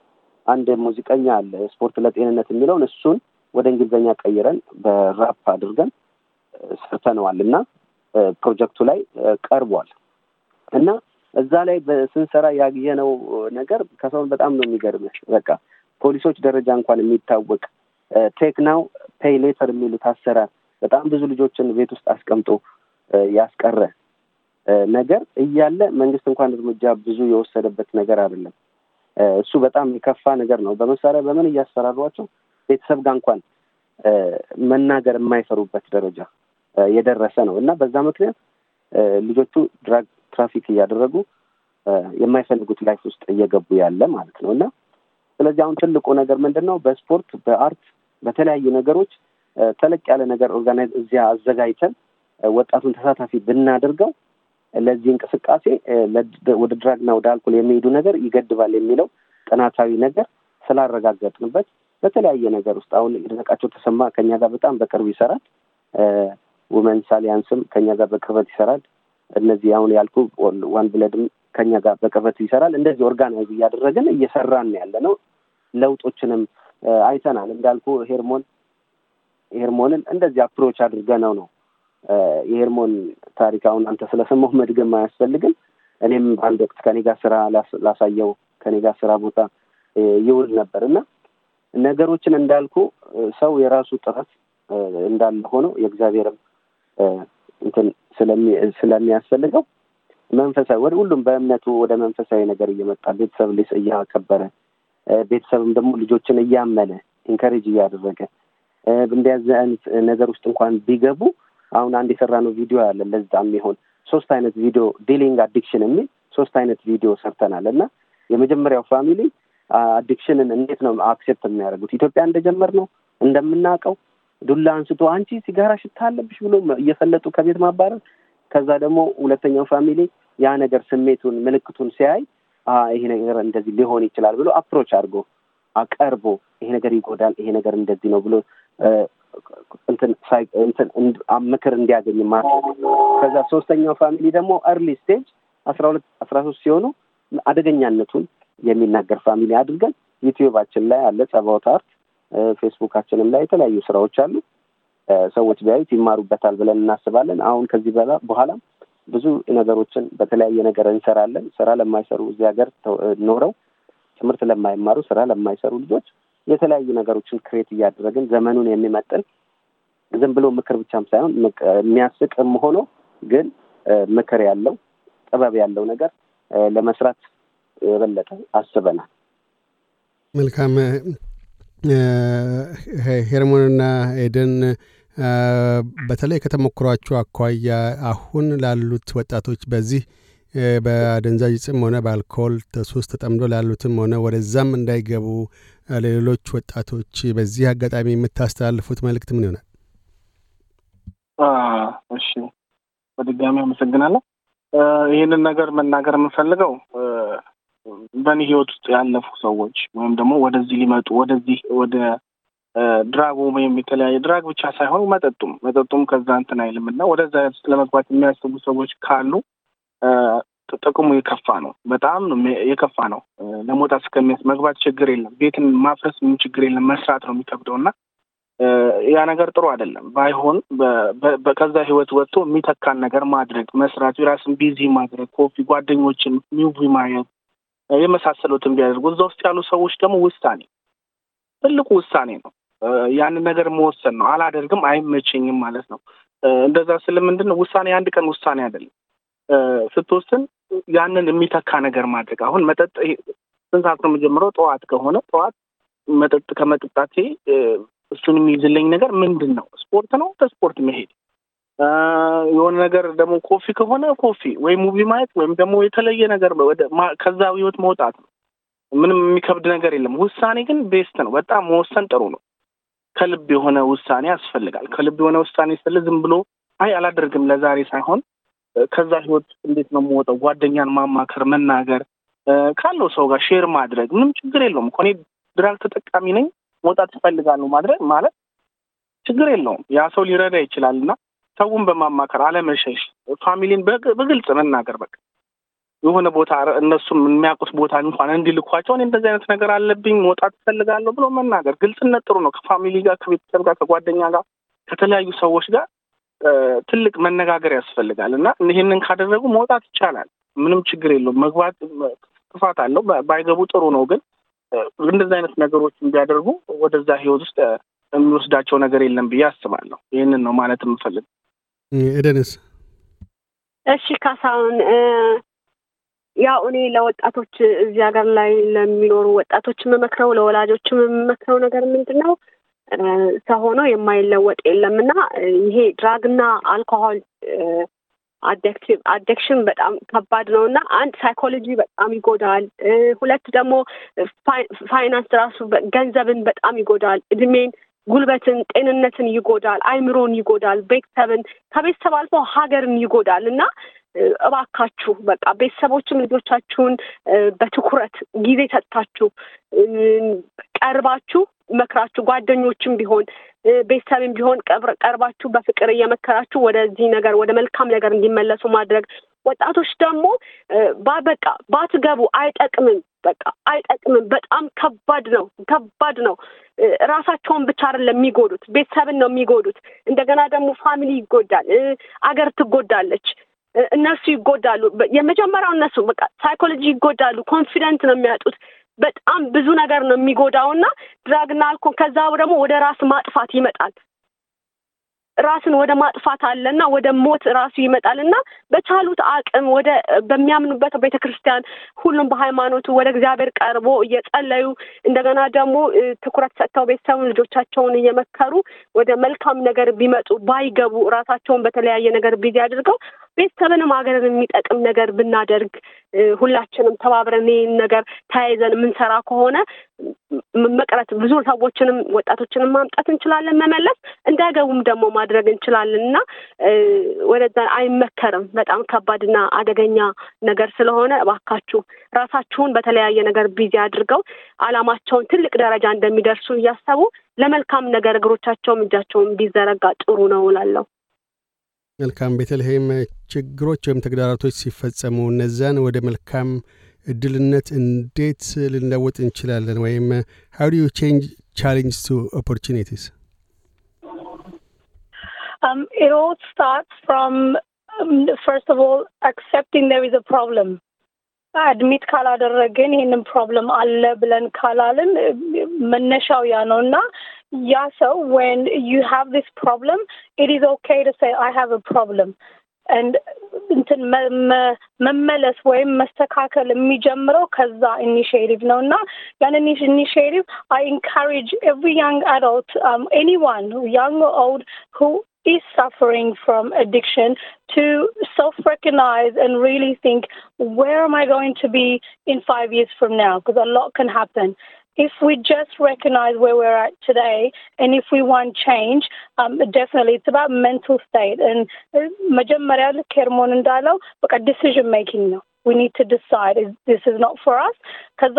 አንድ ሙዚቀኛ አለ ስፖርት ለጤንነት የሚለውን እሱን ወደ እንግሊዝኛ ቀይረን በራፕ አድርገን ሰርተነዋል እና ፕሮጀክቱ ላይ ቀርቧል እና እዛ ላይ ስንሰራ ያየነው ነገር ከሰውን በጣም ነው የሚገርምህ። በቃ ፖሊሶች ደረጃ እንኳን የሚታወቅ ቴክ ናው ፔይ ሌተር የሚሉት አሰራር በጣም ብዙ ልጆችን ቤት ውስጥ አስቀምጦ ያስቀረ ነገር እያለ መንግስት እንኳን እርምጃ ብዙ የወሰደበት ነገር አይደለም። እሱ በጣም የከፋ ነገር ነው። በመሳሪያ በምን እያስፈራሯቸው ቤተሰብ ጋር እንኳን መናገር የማይፈሩበት ደረጃ የደረሰ ነው እና በዛ ምክንያት ልጆቹ ድራግ ትራፊክ እያደረጉ የማይፈልጉት ላይፍ ውስጥ እየገቡ ያለ ማለት ነው እና ስለዚህ አሁን ትልቁ ነገር ምንድን ነው? በስፖርት በአርት በተለያዩ ነገሮች ተለቅ ያለ ነገር ኦርጋናይዝ እዚያ አዘጋጅተን ወጣቱን ተሳታፊ ብናደርገው ለዚህ እንቅስቃሴ ወደ ድራግና ወደ አልኮል የሚሄዱ ነገር ይገድባል የሚለው ጥናታዊ ነገር ስላረጋገጥንበት በተለያየ ነገር ውስጥ አሁን ይድነቃቸው ተሰማ ከኛ ጋር በጣም በቅርብ ይሰራል። ውመን ሳሊያንስም ከኛ ጋር በቅርበት ይሰራል። እነዚህ አሁን ያልኩ ዋን ብለድም ከኛ ጋር በቅርበት ይሰራል። እንደዚህ ኦርጋናይዝ እያደረግን እየሰራን ያለ ነው። ለውጦችንም አይተናል። እንዳልኩ ሄርሞን ሄርሞንን እንደዚህ አፕሮች አድርገነው ነው የሄርሞን ታሪክ አሁን አንተ ስለሰማሁ መድገም አያስፈልግም። እኔም በአንድ ወቅት ከኔ ጋር ስራ ላሳየው ከኔ ጋር ስራ ቦታ ይውል ነበር እና ነገሮችን እንዳልኩ ሰው የራሱ ጥረት እንዳለ ሆኖ የእግዚአብሔርም እንትን ስለሚያስፈልገው መንፈሳዊ ወደ ሁሉም በእምነቱ ወደ መንፈሳዊ ነገር እየመጣ ቤተሰብ እያከበረ ቤተሰብም ደግሞ ልጆችን እያመነ ኢንከሬጅ እያደረገ እንደዚ አይነት ነገር ውስጥ እንኳን ቢገቡ አሁን አንድ ነው ቪዲዮ አለ ለዛ የሚሆን ሶስት አይነት ቪዲዮ ዲሊንግ አዲክሽን የሚል ሶስት አይነት ቪዲዮ ሰርተናል እና የመጀመሪያው ፋሚሊ አዲክሽንን እንዴት ነው አክሴፕት የሚያደርጉት ኢትዮጵያ እንደጀመር ነው እንደምናውቀው ዱላ አንስቶ አንቺ ሲጋራ ሽታ አለብሽ ብሎ እየፈለጡ ከቤት ማባረር። ከዛ ደግሞ ሁለተኛው ፋሚሊ ያ ነገር ስሜቱን ምልክቱን ሲያይ ይሄ ነገር እንደዚህ ሊሆን ይችላል ብሎ አፕሮች አድርጎ አቀርቦ ይሄ ነገር ይጎዳል፣ ይሄ ነገር እንደዚህ ነው ብሎ ምክር እንዲያገኝ ማ ከዛ ሶስተኛው ፋሚሊ ደግሞ ርሊ ስቴጅ አስራ ሁለት አስራ ሶስት ሲሆኑ አደገኛነቱን የሚናገር ፋሚሊ አድርገን ዩትዩባችን ላይ አለ ጸባውት አርት ፌስቡካችንም ላይ የተለያዩ ስራዎች አሉ። ሰዎች ቢያዩት ይማሩበታል ብለን እናስባለን። አሁን ከዚህ በኋላም ብዙ ነገሮችን በተለያየ ነገር እንሰራለን። ስራ ለማይሰሩ እዚህ ሀገር ኖረው ትምህርት ለማይማሩ ስራ ለማይሰሩ ልጆች የተለያዩ ነገሮችን ክሬት እያደረግን ዘመኑን የሚመጥን ዝም ብሎ ምክር ብቻም ሳይሆን የሚያስቅም ሆኖ ግን ምክር ያለው ጥበብ ያለው ነገር ለመስራት የበለጠ አስበናል። መልካም ሄርሞንና ኤደን በተለይ ከተሞክሯቸው አኳያ አሁን ላሉት ወጣቶች በዚህ በአደንዛዥ ጽም ሆነ በአልኮል ሱስ ተጠምዶ ላሉትም ሆነ ወደዛም እንዳይገቡ ለሌሎች ወጣቶች በዚህ አጋጣሚ የምታስተላልፉት መልእክት ምን ይሆናል? እሺ፣ በድጋሚ አመሰግናለሁ። ይህንን ነገር መናገር የምንፈልገው በእኔ ህይወት ውስጥ ያለፉ ሰዎች ወይም ደግሞ ወደዚህ ሊመጡ ወደዚህ ወደ ድራጉ ወይም የተለያየ ድራግ ብቻ ሳይሆን መጠጡም መጠጡም ከዛ እንትን አይልም እና ወደዛ ለመግባት የሚያስቡ ሰዎች ካሉ ጥቅሙ የከፋ ነው። በጣም የከፋ ነው። ለመውጣት እስከሚያስ መግባት ችግር የለም፣ ቤትን ማፍረስ ምን ችግር የለም፣ መስራት ነው የሚከብደው እና ያ ነገር ጥሩ አይደለም። ባይሆን ከዛ ህይወት ወጥቶ የሚተካን ነገር ማድረግ መስራት፣ የራስን ቢዚ ማድረግ፣ ኮፊ፣ ጓደኞችን፣ ሚቪ ማየት የመሳሰሉትን ቢያደርጉ እዛ ውስጥ ያሉ ሰዎች ደግሞ ውሳኔ ትልቁ ውሳኔ ነው። ያንን ነገር መወሰን ነው። አላደርግም፣ አይመቸኝም ማለት ነው። እንደዛ ስል ምንድን ነው ውሳኔ አንድ ቀን ውሳኔ አይደለም። ስትወስን ያንን የሚተካ ነገር ማድረግ አሁን መጠጥ ስንሳት ነው የምጀምረው? ጠዋት ከሆነ ጠዋት መጠጥ ከመጠጣቴ እሱን የሚይዝልኝ ነገር ምንድን ነው? ስፖርት ነው። ተስፖርት መሄድ የሆነ ነገር ደግሞ ኮፊ ከሆነ ኮፊ ወይ ሙቪ ማየት ወይም ደግሞ የተለየ ነገር ከዛ ህይወት መውጣት ነው። ምንም የሚከብድ ነገር የለም። ውሳኔ ግን ቤስት ነው። በጣም መወሰን ጥሩ ነው። ከልብ የሆነ ውሳኔ ያስፈልጋል። ከልብ የሆነ ውሳኔ ስለ ዝም ብሎ አይ አላደርግም ለዛሬ ሳይሆን ከዛ ህይወት እንዴት ነው የምወጣው? ጓደኛን ማማከር፣ መናገር፣ ካለው ሰው ጋር ሼር ማድረግ ምንም ችግር የለውም እኮ እኔ ድራግ ተጠቃሚ ነኝ መውጣት ይፈልጋሉ ማድረግ ማለት ችግር የለውም። ያ ሰው ሊረዳ ይችላል እና ሰውን በማማከር አለመሸሽ፣ ፋሚሊን በግልጽ መናገር በቃ የሆነ ቦታ እነሱም የሚያውቁት ቦታ እንኳን እንዲልኳቸው እኔ እንደዚህ አይነት ነገር አለብኝ መውጣት እፈልጋለሁ ብሎ መናገር። ግልጽነት ጥሩ ነው። ከፋሚሊ ጋር፣ ከቤተሰብ ጋር፣ ከጓደኛ ጋር፣ ከተለያዩ ሰዎች ጋር ትልቅ መነጋገር ያስፈልጋል እና ይህንን ካደረጉ መውጣት ይቻላል። ምንም ችግር የለውም። መግባት ክፋት አለው። ባይገቡ ጥሩ ነው። ግን እንደዚህ አይነት ነገሮች እንዲያደርጉ ወደዛ ህይወት ውስጥ የሚወስዳቸው ነገር የለም ብዬ አስባለሁ። ይህንን ነው ማለት የምፈልግ ኤደንስ እሺ ካሳሁን ያው እኔ ለወጣቶች እዚህ ሀገር ላይ ለሚኖሩ ወጣቶች የምመክረው ለወላጆች የምመክረው ነገር ምንድን ነው ሰው ሆኖ የማይለወጥ የለም እና ይሄ ድራግና አልኮሆል አዲክቲቭ አዲክሽን በጣም ከባድ ነው እና አንድ ሳይኮሎጂ በጣም ይጎዳል። ሁለት ደግሞ ፋይናንስ ራሱ ገንዘብን በጣም ይጎዳል። እድሜን ጉልበትን፣ ጤንነትን ይጎዳል፣ አይምሮን ይጎዳል፣ ቤተሰብን ከቤተሰብ አልፎ ሀገርን ይጎዳል እና እባካችሁ በቃ ቤተሰቦችም ልጆቻችሁን በትኩረት ጊዜ ሰጥታችሁ ቀርባችሁ መክራችሁ ጓደኞችም ቢሆን ቤተሰብም ቢሆን ቀርባችሁ በፍቅር እየመከራችሁ ወደዚህ ነገር ወደ መልካም ነገር እንዲመለሱ ማድረግ። ወጣቶች ደግሞ በቃ ባትገቡ አይጠቅምም በቃ አይጠቅምም። በጣም ከባድ ነው፣ ከባድ ነው። ራሳቸውን ብቻ አይደለም የሚጎዱት፣ ቤተሰብን ነው የሚጎዱት። እንደገና ደግሞ ፋሚሊ ይጎዳል፣ አገር ትጎዳለች፣ እነሱ ይጎዳሉ። የመጀመሪያው እነሱ በቃ ሳይኮሎጂ ይጎዳሉ፣ ኮንፊደንት ነው የሚያጡት። በጣም ብዙ ነገር ነው የሚጎዳውና ድራግና አልኮል ከዛ ደግሞ ወደ ራስ ማጥፋት ይመጣል። ራስን ወደ ማጥፋት አለና ወደ ሞት ራሱ ይመጣልና በቻሉት አቅም ወደ በሚያምኑበት ቤተ ክርስቲያን ሁሉም በሃይማኖቱ ወደ እግዚአብሔር ቀርቦ እየጸለዩ እንደገና ደግሞ ትኩረት ሰጥተው ቤተሰቡን ልጆቻቸውን እየመከሩ ወደ መልካም ነገር ቢመጡ ባይገቡ ራሳቸውን በተለያየ ነገር ቢዚ አድርገው ቤተሰብንም ሀገርን የሚጠቅም ነገር ብናደርግ ሁላችንም ተባብረን ይህን ነገር ተያይዘን የምንሰራ ከሆነ መቅረት ብዙ ሰዎችንም ወጣቶችንም ማምጣት እንችላለን መመለስ እንዳይገቡም ደግሞ ማድረግ እንችላለን እና ወደዛ አይመከርም። በጣም ከባድና አደገኛ ነገር ስለሆነ እባካችሁ ራሳችሁን በተለያየ ነገር ቢዚ አድርገው አላማቸውን ትልቅ ደረጃ እንደሚደርሱ እያሰቡ ለመልካም ነገር እግሮቻቸውም እጃቸውም ቢዘረጋ ጥሩ ነው እላለሁ። መልካም ቤተልሔም፣ ችግሮች ወይም ተግዳሮቶች ሲፈጸሙ እነዛን ወደ መልካም እድልነት እንዴት ልንለውጥ እንችላለን? ወይም ሀው ዱ ዩ ቼንጅ ቻሌንጅ ቱ ኦፖርቹኒቲስ Um, it all starts from, um, first of all, accepting there is a problem. አድሚት ካላደረግን ይህንን ፕሮብለም አለ ብለን ካላልን መነሻው ያ ነው እና ያ ሰው ወን ዩ ሃቭ ዲስ ፕሮብለም ኢት ኢዝ ኦኬ ቱ ሴይ አይ ሃቭ አ ፕሮብለም እንትን መመለስ ወይም መስተካከል የሚጀምረው ከዛ ኢኒሽቲቭ ነው እና ያንን ኢኒሽቲቭ አይ ኢንካሬጅ ኤቭሪ ያንግ አዶልት ኤኒዋን ያንግ ኦልድ ሁ is suffering from addiction to self recognize and really think, where am I going to be in five years from now? Because a lot can happen. If we just recognize where we're at today and if we want change, um, definitely it's about mental state. And maja ልክ ሄርሞን እንዳለው በቃ ዲሲዥን ሜኪንግ ነው። we need to decide is this is not for us. Because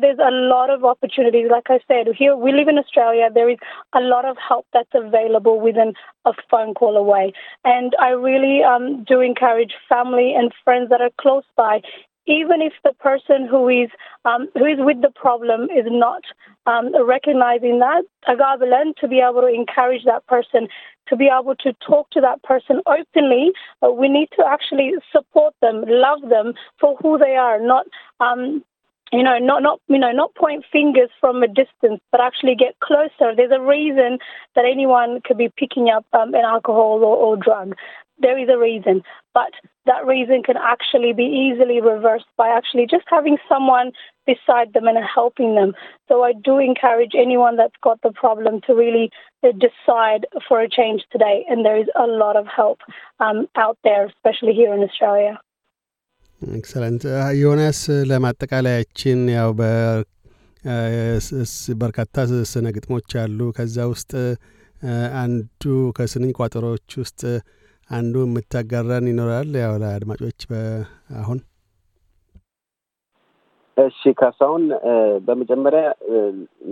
there's a lot of opportunities. Like I said, here we live in Australia. There is a lot of help that's available within a phone call away. And I really um, do encourage family and friends that are close by even if the person who is um, who is with the problem is not um, recognizing that, Agabalen to be able to encourage that person, to be able to talk to that person openly, uh, we need to actually support them, love them for who they are, not. Um, you know, not not you know, not point fingers from a distance, but actually get closer. There's a reason that anyone could be picking up um, an alcohol or, or drug there is a reason, but that reason can actually be easily reversed by actually just having someone beside them and helping them. So I do encourage anyone that's got the problem to really uh, decide for a change today, and there is a lot of help um, out there, especially here in Australia. Excellent. ዮናስ uh, uh, ለማጠቃለያችን በርካታ ስነ ግጥሞች አሉ ከዛ ውስጥ አንዱ ከስንኝ ቋጠሮዎች ውስጥ አንዱ የምታጋራን ይኖራል? ያው ለአድማጮች አሁን እሺ ካሳሁን፣ በመጀመሪያ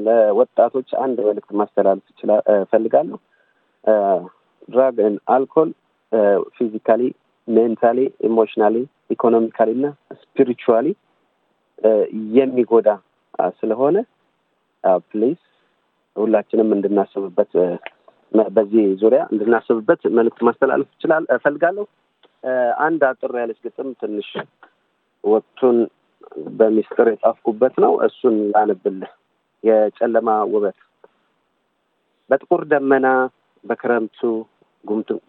ለወጣቶች አንድ መልክት ማስተላለፍ እፈልጋለሁ። ድራግ አልኮል ፊዚካሊ፣ ሜንታሊ፣ ኢሞሽናሊ፣ ኢኮኖሚካሊ እና ስፒሪቹዋሊ የሚጎዳ ስለሆነ ፕሊዝ ሁላችንም እንድናስብበት በዚህ ዙሪያ እንድናስብበት መልእክት ማስተላለፍ ይችላል እፈልጋለሁ። አንድ አጥር ያለች ግጥም ትንሽ ወቅቱን በሚስጥር የጻፍኩበት ነው። እሱን ላንብልህ። የጨለማ ውበት በጥቁር ደመና በክረምቱ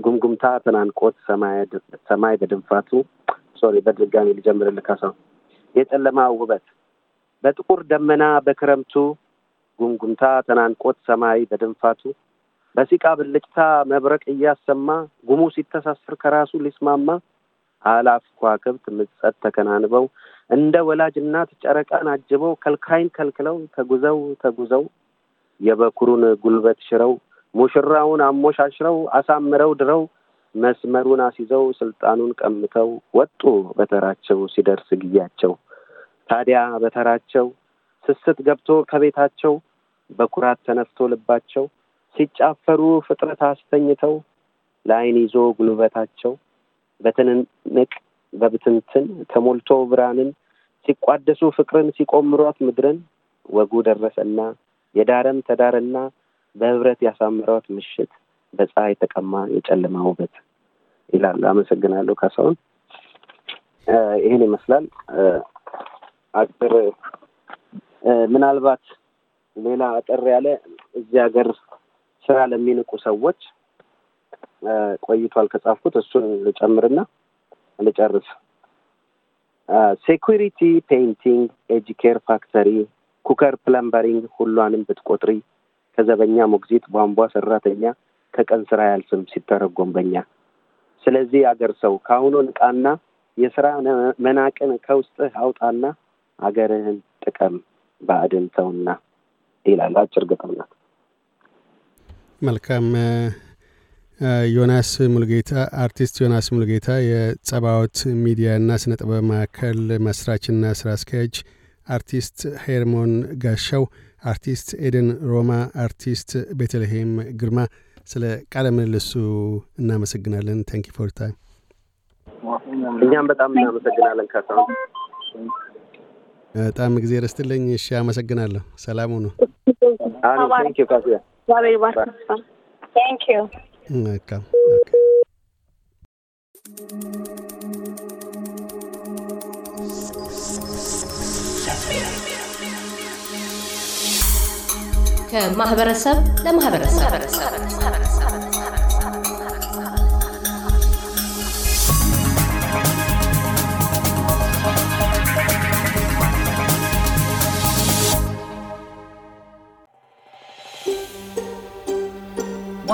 ጉምጉምታ ተናንቆት ሰማይ በድንፋቱ። ሶሪ፣ በድጋሚ ልጀምርልህ ካሳው። የጨለማ ውበት በጥቁር ደመና በክረምቱ ጉምጉምታ ተናንቆት ሰማይ በድንፋቱ በሲቃ ብልጭታ መብረቅ እያሰማ ጉሙ ሲተሳሰር ከራሱ ሊስማማ አላፍ ከዋክብት ምጸት ተከናንበው እንደ ወላጅ እናት ጨረቃን አጅበው ከልካይን ከልክለው ተጉዘው ተጉዘው የበኩሩን ጉልበት ሽረው ሙሽራውን አሞሻሽረው አሳምረው ድረው መስመሩን አስይዘው ስልጣኑን ቀምተው ወጡ በተራቸው ሲደርስ ግያቸው ታዲያ በተራቸው ስስት ገብቶ ከቤታቸው በኩራት ተነፍቶ ልባቸው ሲጫፈሩ ፍጥረት አስተኝተው ለአይን ይዞ ጉልበታቸው በትንንቅ በብትንትን ተሞልቶ ብርሃንን ሲቋደሱ ፍቅርን ሲቆምሯት ምድርን ወጉ ደረሰና የዳረም ተዳርና በህብረት ያሳምሯት ምሽት በፀሐይ ተቀማ የጨለማ ውበት ይላል። አመሰግናለሁ ካሳሁን። ይህን ይመስላል አጭር ምናልባት ሌላ አጠር ያለ እዚህ ሀገር ስራ ለሚንቁ ሰዎች ቆይቷል ከጻፍኩት እሱን ልጨምርና ልጨርስ። ሴኩሪቲ፣ ፔይንቲንግ፣ ኤጂኬር ፋክተሪ፣ ኩከር፣ ፕለምበሪንግ ሁሏንም ብትቆጥሪ ከዘበኛ፣ ሞግዚት፣ ቧንቧ ሰራተኛ ከቀን ስራ ያልስም ሲተረጎም በኛ። ስለዚህ አገር ሰው ከአሁኑ ንቃና የስራ መናቅን ከውስጥህ አውጣና አገርህን ጥቀም ባዕድን ሰውና ይላል። አጭር ግጥም መልካም ዮናስ ሙልጌታ አርቲስት ዮናስ ሙልጌታ ሚዲያ ሚዲያና ስነ ጥበብ ማዕከል መስራችና ስራ አስኪያጅ፣ አርቲስት ሄርሞን ጋሻው፣ አርቲስት ኤደን ሮማ፣ አርቲስት ቤተልሔም ግርማ ስለ ቃለ ምልልሱ እናመሰግናለን። ታንኪ ፎር ታይም። እኛም በጣም እናመሰግናለን። ካሳ በጣም ጊዜ ረስትልኝ። እሺ፣ አመሰግናለሁ። ሰላም ሁኑ። Very welcome. Thank you. Mm, okay. Okay. ከማህበረሰብ ለማህበረሰብ